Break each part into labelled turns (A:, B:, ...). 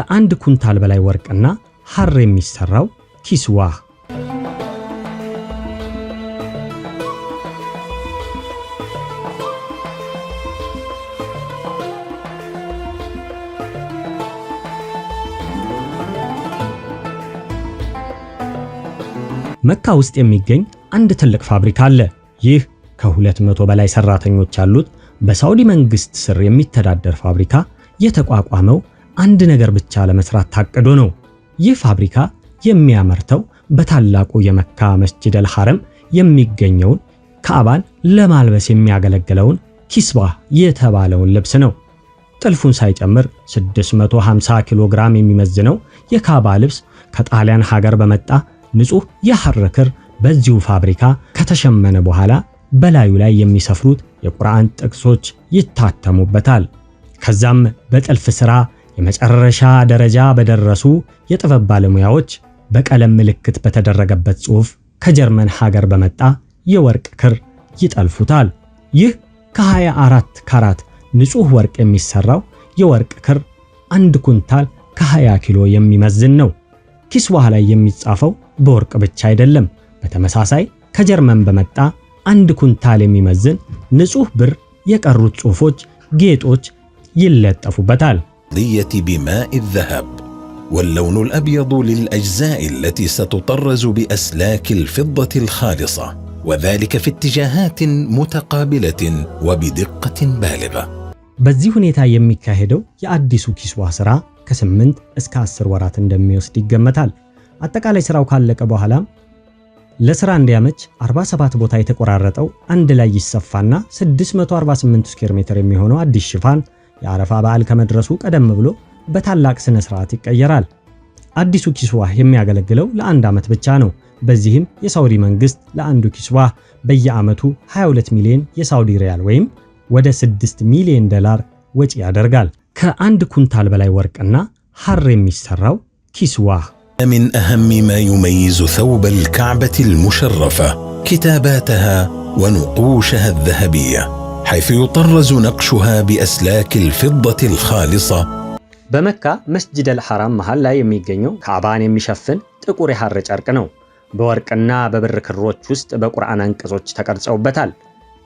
A: ከአንድ ኩንታል በላይ ወርቅና ሐር የሚሰራው ኪስዋ መካ ውስጥ የሚገኝ አንድ ትልቅ ፋብሪካ አለ። ይህ ከሁለት መቶ በላይ ሰራተኞች ያሉት በሳውዲ መንግስት ስር የሚተዳደር ፋብሪካ የተቋቋመው አንድ ነገር ብቻ ለመስራት ታቅዶ ነው። ይህ ፋብሪካ የሚያመርተው በታላቁ የመካ መስጂድ አልሐረም የሚገኘውን ካዕባን ለማልበስ የሚያገለግለውን ኪስባ የተባለውን ልብስ ነው። ጥልፉን ሳይጨምር 650 ኪሎ ግራም የሚመዝነው የካዕባ ልብስ ከጣሊያን ሀገር በመጣ ንጹህ የሐር ክር በዚሁ ፋብሪካ ከተሸመነ በኋላ በላዩ ላይ የሚሰፍሩት የቁርአን ጥቅሶች ይታተሙበታል። ከዛም በጥልፍ ሥራ የመጨረሻ ደረጃ በደረሱ የጥበብ ባለሙያዎች በቀለም ምልክት በተደረገበት ጽሑፍ ከጀርመን ሀገር በመጣ የወርቅ ክር ይጠልፉታል። ይህ ከ24 ካራት ንጹህ ወርቅ የሚሰራው የወርቅ ክር አንድ ኩንታል ከ20 ኪሎ የሚመዝን ነው። ኪስዋህ ላይ የሚጻፈው በወርቅ ብቻ አይደለም። በተመሳሳይ ከጀርመን በመጣ አንድ ኩንታል የሚመዝን ንጹህ ብር የቀሩት ጽሑፎች፣ ጌጦች ይለጠፉበታል።
B: النقديه بماء الذهب واللون الابيض للاجزاء التي ستطرز باسلاك الفضه الخالصه وذلك في اتجاهات متقابله وبدقه بالغه
A: በዚህ ሁኔታ የሚካሄደው የአዲሱ ኪስዋ ስራ ከ8 እስከ 10 ወራት እንደሚወስድ ይገመታል። አጠቃላይ ስራው ካለቀ በኋላ ለስራ እንዲያመች 47 ቦታ የተቆራረጠው አንድ ላይ ይሰፋና 648 ስኩዌር ሜትር የሚሆነው አዲስ ሽፋን የአረፋ በዓል ከመድረሱ ቀደም ብሎ በታላቅ ስነ ሥርዓት ይቀየራል። አዲሱ ኪስዋህ የሚያገለግለው ለአንድ ዓመት ብቻ ነው። በዚህም የሳውዲ መንግስት ለአንዱ ኪስዋህ በየዓመቱ 22 ሚሊዮን የሳውዲ ሪያል ወይም ወደ 6 ሚሊዮን ዶላር ወጪ ያደርጋል። ከአንድ ኩንታል በላይ ወርቅና ሐር የሚሰራው ኪስዋህ
B: من أهم ما ዩመይዙ ثوب الكعبة المشرفة كتاباتها ونقوشها الذهبية حيث يطرز نقشها بأسلاك الفضة الخالصة
A: በመካ መስጂድ አልሐራም መሃል ላይ የሚገኘው ካዕባን የሚሸፍን ጥቁር የሐር ጨርቅ ነው። በወርቅና በብር ክሮች ውስጥ በቁርአን አንቀጾች ተቀርጸውበታል።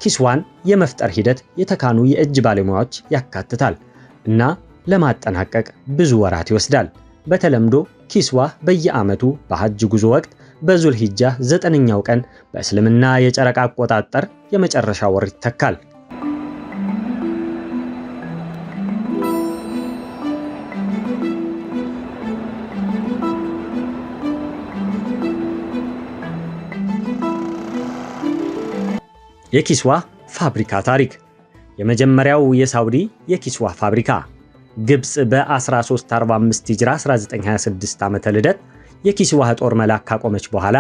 A: ኪስዋን የመፍጠር ሂደት የተካኑ የእጅ ባለሙያዎች ያካትታል እና ለማጠናቀቅ ብዙ ወራት ይወስዳል። በተለምዶ ኪስዋ በየዓመቱ በሐጅ ጉዞ ወቅት በዙልሂጃ ዘጠነኛው ቀን በእስልምና የጨረቃ አቆጣጠር የመጨረሻ ወር ይተካል። የኪስዋ ፋብሪካ ታሪክ የመጀመሪያው የሳውዲ የኪስዋ ፋብሪካ ግብፅ በ1345 ሂጅራ 1926 ዓመተ ልደት የኪስዋህ ጦር መላክ ካቆመች በኋላ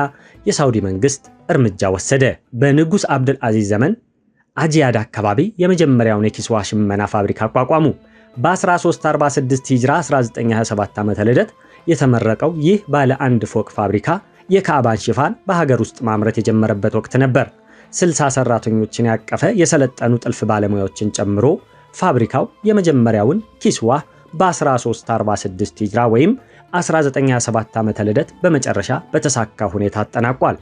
A: የሳውዲ መንግስት እርምጃ ወሰደ። በንጉሥ አብድል አዚዝ ዘመን አጂያድ አካባቢ የመጀመሪያውን የኪስዋ ሽመና ፋብሪካ አቋቋሙ። በ1346 ሂጅራ 1927 ዓመተ ልደት የተመረቀው ይህ ባለ አንድ ፎቅ ፋብሪካ የካዕባን ሽፋን በሀገር ውስጥ ማምረት የጀመረበት ወቅት ነበር። 60 ሰራተኞችን ያቀፈ የሰለጠኑ ጥልፍ ባለሙያዎችን ጨምሮ ፋብሪካው የመጀመሪያውን ኪስዋ በ1346 ሂጅራ ወይም 1927 ዓመተ ልደት በመጨረሻ በተሳካ ሁኔታ አጠናቋል።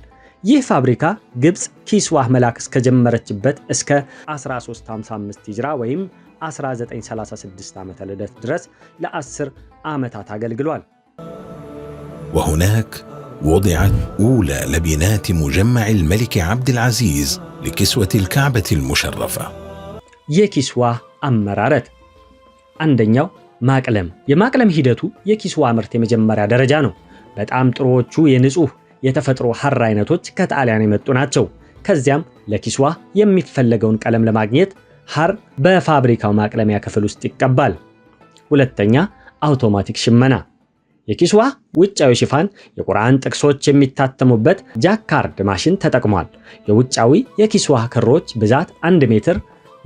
A: ይህ ፋብሪካ ግብፅ ኪስዋህ መላክ እስከጀመረችበት እስከ 1355 ሂጅራ ወይም 1936 ዓመተ ልደት ድረስ ለ10 ዓመታት አገልግሏል።
B: ወሁነክ وضعت اولى لبنات مجمع الملك عبد العزيز لكسوه الكعبه المشرفه.
A: يكسوا امررت عندنا ماكلم يماكلم هيدتو يكسوا امرت مجمرا درجه نو بتام تروچو ينصح يتفطرو حر عينتوچ كطاليان يمتو ناتشو كزيام لكسوا يميفلغون قلم لماغنيت حر بفابريكا ماكلم يا كفل است يقبال ሁለተኛ አውቶማቲክ የኪስዋ ውጫዊ ሽፋን የቁርአን ጥቅሶች የሚታተሙበት ጃካርድ ማሽን ተጠቅሟል። የውጫዊ የኪስዋ ክሮች ብዛት 1 ሜትር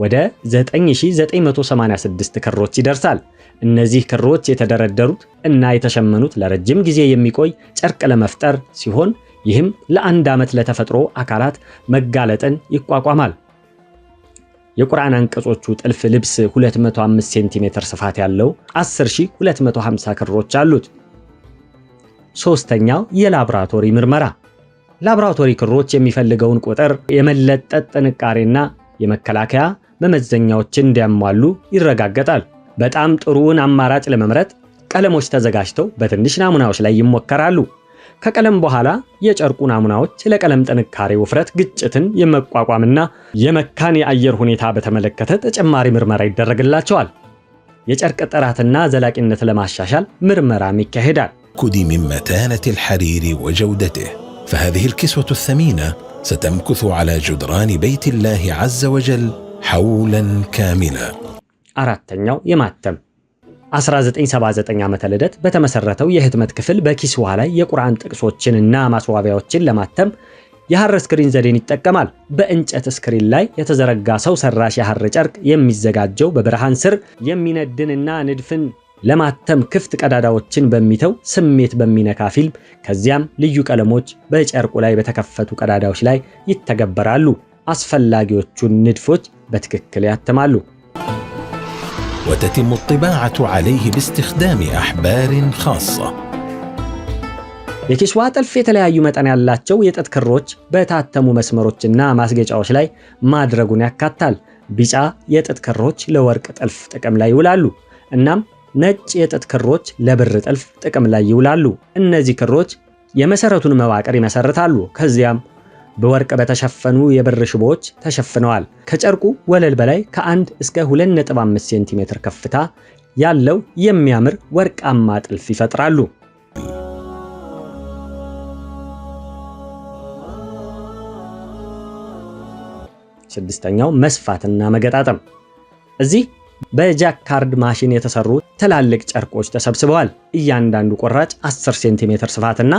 A: ወደ 9986 ክሮች ይደርሳል። እነዚህ ክሮች የተደረደሩት እና የተሸመኑት ለረጅም ጊዜ የሚቆይ ጨርቅ ለመፍጠር ሲሆን ይህም ለአንድ ዓመት ለተፈጥሮ አካላት መጋለጥን ይቋቋማል። የቁርአን አንቀጾቹ ጥልፍ ልብስ 205 ሴንቲሜትር ስፋት ያለው 10250 ክሮች አሉት። ሶስተኛው የላብራቶሪ ምርመራ ላብራቶሪ ክሮች የሚፈልገውን ቁጥር የመለጠጥ ጥንካሬና የመከላከያ መመዘኛዎችን እንዲያሟሉ ይረጋገጣል። በጣም ጥሩውን አማራጭ ለመምረጥ ቀለሞች ተዘጋጅተው በትንሽ ናሙናዎች ላይ ይሞከራሉ። ከቀለም በኋላ የጨርቁ ናሙናዎች ለቀለም ጥንካሬ ውፍረት፣ ግጭትን የመቋቋምና የመካን የአየር ሁኔታ በተመለከተ ተጨማሪ ምርመራ ይደረግላቸዋል። የጨርቅ ጥራትና ዘላቂነት ለማሻሻል ምርመራም ይካሄዳል።
B: التأكد من متانة الحرير وجودته فهذه الكسوة الثمينة ستمكث على جدران بيت الله عز وجل حولا كاملا
A: አራተኛው የማተም 1979 ዓመተ ልደት በተመሰረተው የህትመት ክፍል በኪስዋ ላይ የቁርአን ጥቅሶችንና ማስዋቢያዎችን ለማተም የሐር ስክሪን ዘዴን ይጠቀማል። በእንጨት ስክሪን ላይ የተዘረጋ ሰው ሰራሽ የሐር ጨርቅ የሚዘጋጀው በብርሃን ስር የሚነድንና ንድፍን ለማተም ክፍት ቀዳዳዎችን በሚተው ስሜት በሚነካ ፊልም ከዚያም ልዩ ቀለሞች በጨርቁ ላይ በተከፈቱ ቀዳዳዎች ላይ ይተገበራሉ። አስፈላጊዎቹን ንድፎች በትክክል ያትማሉ።
B: وتتم الطباعة عليه باستخدام أحبار خاصة
A: የኪስዋ ጥልፍ የተለያዩ መጠን ያላቸው የጥጥ ክሮች በታተሙ መስመሮችና ማስጌጫዎች ላይ ማድረጉን ያካታል። ቢጫ የጥጥ ክሮች ለወርቅ ጥልፍ ጥቅም ላይ ይውላሉ። እናም ነጭ የጥጥ ክሮች ለብር ጥልፍ ጥቅም ላይ ይውላሉ። እነዚህ ክሮች የመሰረቱን መዋቅር ይመሰርታሉ። ከዚያም በወርቅ በተሸፈኑ የብር ሽቦዎች ተሸፍነዋል። ከጨርቁ ወለል በላይ ከ1 እስከ 2.5 ሴንቲሜትር ከፍታ ያለው የሚያምር ወርቃማ ጥልፍ ይፈጥራሉ። ስድስተኛው መስፋትና መገጣጠም እዚህ በጃካርድ ማሽን የተሰሩ ትላልቅ ጨርቆች ተሰብስበዋል። እያንዳንዱ ቁራጭ 10 ሴንቲሜትር ስፋትና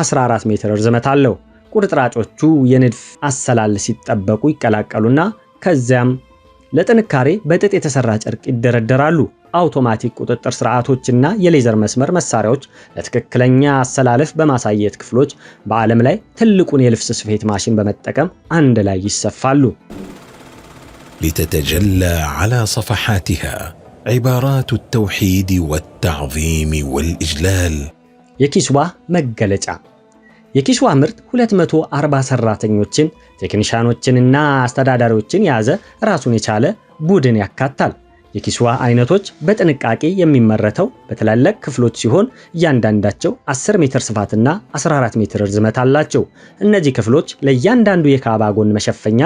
A: 14 ሜትር ርዝመት አለው። ቁርጥራጮቹ የንድፍ አሰላል ሲጠበቁ ይቀላቀሉና ከዚያም ለጥንካሬ በጥጥ የተሰራ ጨርቅ ይደረደራሉ። አውቶማቲክ ቁጥጥር ስርዓቶችና የሌዘር መስመር መሳሪያዎች ለትክክለኛ አሰላለፍ በማሳየት ክፍሎች በዓለም ላይ ትልቁን የልብስ ስፌት ማሽን በመጠቀም አንድ ላይ ይሰፋሉ።
B: لتتجلى على صفحاتها عبارات التوحيد والتعظيم والإجلال
A: የኪስዋ መገለጫ የኪስዋ ምርት 240 ሰራተኞችን ቴክኒሻኖችንና አስተዳዳሪዎችን የያዘ ራሱን የቻለ ቡድን ያካታል። የኪስዋ አይነቶች በጥንቃቄ የሚመረተው በትላልቅ ክፍሎች ሲሆን እያንዳንዳቸው 10 ሜትር ስፋትና 14 ሜትር ርዝመት አላቸው። እነዚህ ክፍሎች ለእያንዳንዱ የካባ ጎን መሸፈኛ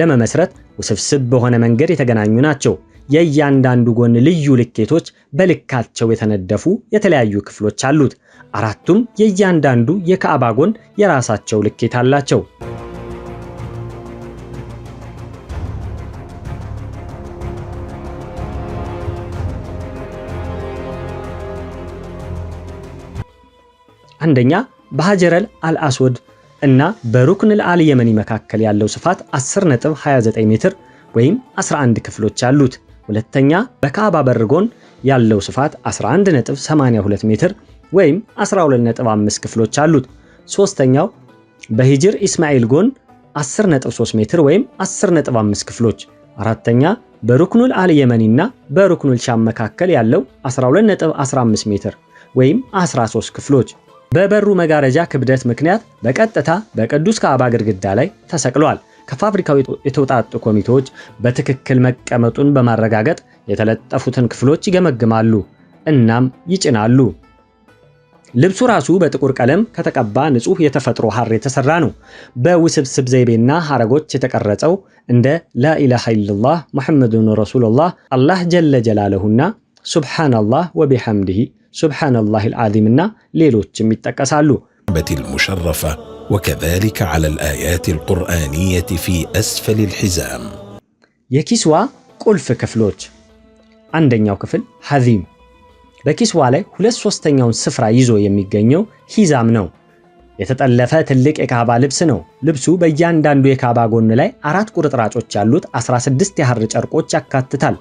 A: ለመመስረት ውስብስብ በሆነ መንገድ የተገናኙ ናቸው። የእያንዳንዱ ጎን ልዩ ልኬቶች በልካቸው የተነደፉ የተለያዩ ክፍሎች አሉት። አራቱም የእያንዳንዱ የካዕባ ጎን የራሳቸው ልኬት አላቸው። አንደኛ በሀጀረል አልአስወድ እና በሩክንል አልየመኒ መካከል ያለው ስፋት 10.29 ሜትር ወይም 11 ክፍሎች አሉት። ሁለተኛ በካዕባ በርጎን ጎን ያለው ስፋት 11.82 ሜትር ወይም 12.5 ክፍሎች አሉት። ሶስተኛው በሂጅር ኢስማኤል ጎን 10.3 ሜትር ወይም 10.5 ክፍሎች። አራተኛ በሩክኑል አልየመኒ እና በሩክኑል ሻም መካከል ያለው 12.15 ሜትር ወይም 13 ክፍሎች። በበሩ መጋረጃ ክብደት ምክንያት በቀጥታ በቅዱስ ካዕባ ግድግዳ ላይ ተሰቅሏል። ከፋብሪካው የተውጣጡ ኮሚቴዎች በትክክል መቀመጡን በማረጋገጥ የተለጠፉትን ክፍሎች ይገመግማሉ እናም ይጭናሉ። ልብሱ ራሱ በጥቁር ቀለም ከተቀባ ንጹህ የተፈጥሮ ሐር የተሰራ ነው። በውስብስብ ዘይቤና ሐረጎች የተቀረጸው እንደ ላኢላሃ ኢላላህ ሙሐመዱን ረሱሉላህ አላህ ጀለ ጀላለሁና ሱብሓነላህ ወቢሐምድሂ سبحان الله العظيم نا ليلوت جميت تكسالو
B: المشرفة وكذلك على الآيات القرآنية في أسفل الحزام
A: يكسوا كل فكفلوت عندنا وكفل حذيم بكسوا عليه هل سوستنيون سفرا يزو يميقينيو حزام نو የተጠለፈት ትልቅ የካባ ልብስ ነው ልብሱ በእያንዳንዱ የካባ ጎን ላይ አራት ቁርጥራጮች ያሉት 16 ያህር ጨርቆች ያካትታል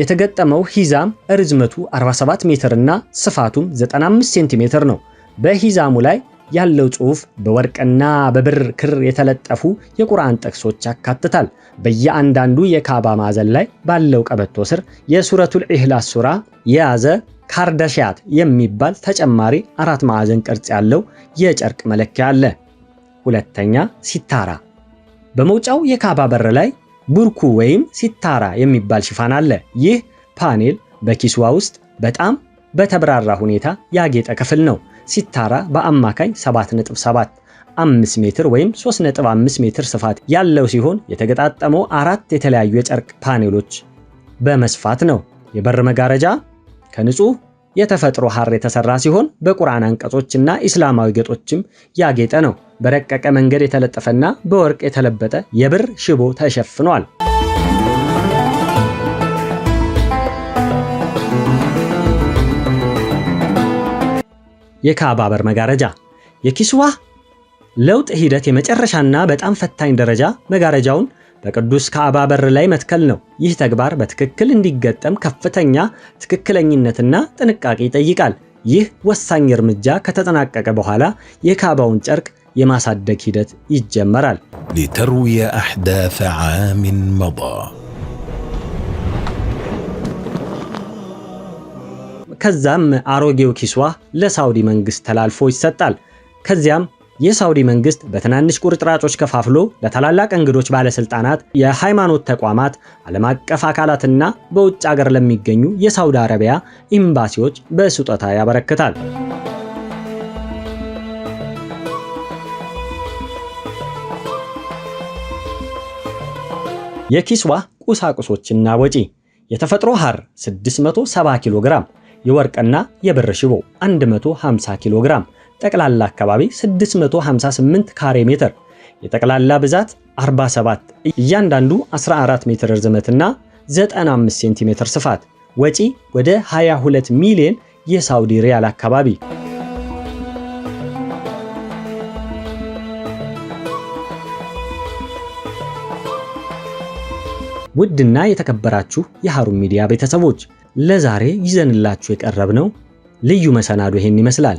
A: የተገጠመው ሂዛም ርዝመቱ 47 ሜትር እና ስፋቱም 95 ሴንቲሜትር ነው። በሂዛሙ ላይ ያለው ጽሑፍ በወርቅና በብር ክር የተለጠፉ የቁርአን ጥቅሶች ያካትታል። በየአንዳንዱ የካባ ማዕዘን ላይ ባለው ቀበቶ ስር የሱረቱል ኢህላስ ሱራ የያዘ ካርዳሽያት የሚባል ተጨማሪ አራት ማዕዘን ቅርጽ ያለው የጨርቅ መለኪያ አለ። ሁለተኛ ሲታራ በመውጫው የካባ በር ላይ ቡርኩ ወይም ሲታራ የሚባል ሽፋን አለ። ይህ ፓኔል በኪስዋ ውስጥ በጣም በተብራራ ሁኔታ ያጌጠ ክፍል ነው። ሲታራ በአማካኝ 775 ሜትር ወይም 3.5 ሜትር ስፋት ያለው ሲሆን የተገጣጠመው አራት የተለያዩ የጨርቅ ፓኔሎች በመስፋት ነው። የበር መጋረጃ ከንጹህ የተፈጥሮ ሐር የተሰራ ሲሆን በቁርአን አንቀጾችና ኢስላማዊ ጌጦችም ያጌጠ ነው። በረቀቀ መንገድ የተለጠፈና በወርቅ የተለበጠ የብር ሽቦ ተሸፍኗል። የካዕባ በር መጋረጃ የኪስዋ ለውጥ ሂደት የመጨረሻና በጣም ፈታኝ ደረጃ መጋረጃውን በቅዱስ ካዕባ በር ላይ መትከል ነው። ይህ ተግባር በትክክል እንዲገጠም ከፍተኛ ትክክለኝነትና ጥንቃቄ ይጠይቃል። ይህ ወሳኝ እርምጃ ከተጠናቀቀ በኋላ የካዕባውን ጨርቅ የማሳደግ ሂደት ይጀመራል።
B: ሊተርዊየ አሕዳፈ ዓምን መዳ
A: ከዛም አሮጌው ኪስዋ ለሳውዲ መንግሥት ተላልፎ ይሰጣል። ከዚያም የሳውዲ መንግስት በትናንሽ ቁርጥራጮች ከፋፍሎ ለታላላቅ እንግዶች ባለስልጣናት፣ የሃይማኖት ተቋማት፣ ዓለም አቀፍ አካላትና በውጭ አገር ለሚገኙ የሳውዲ አረቢያ ኤምባሲዎች በስጦታ ያበረክታል። የኪስዋ ቁሳቁሶችና ወጪ የተፈጥሮ ሐር 670 ኪሎ ግራም፣ የወርቅና የብር ሽቦ 150 ኪሎ ግራም ጠቅላላ አካባቢ 658 ካሬ ሜትር፣ የጠቅላላ ብዛት 47፣ እያንዳንዱ 14 ሜትር ርዝመትና 95 ሴንቲሜትር ስፋት፣ ወጪ ወደ 22 ሚሊዮን የሳውዲ ሪያል አካባቢ። ውድና የተከበራችሁ የሃሩን ሚዲያ ቤተሰቦች ለዛሬ ይዘንላችሁ የቀረብነው ልዩ መሰናዶ ይሄን ይመስላል።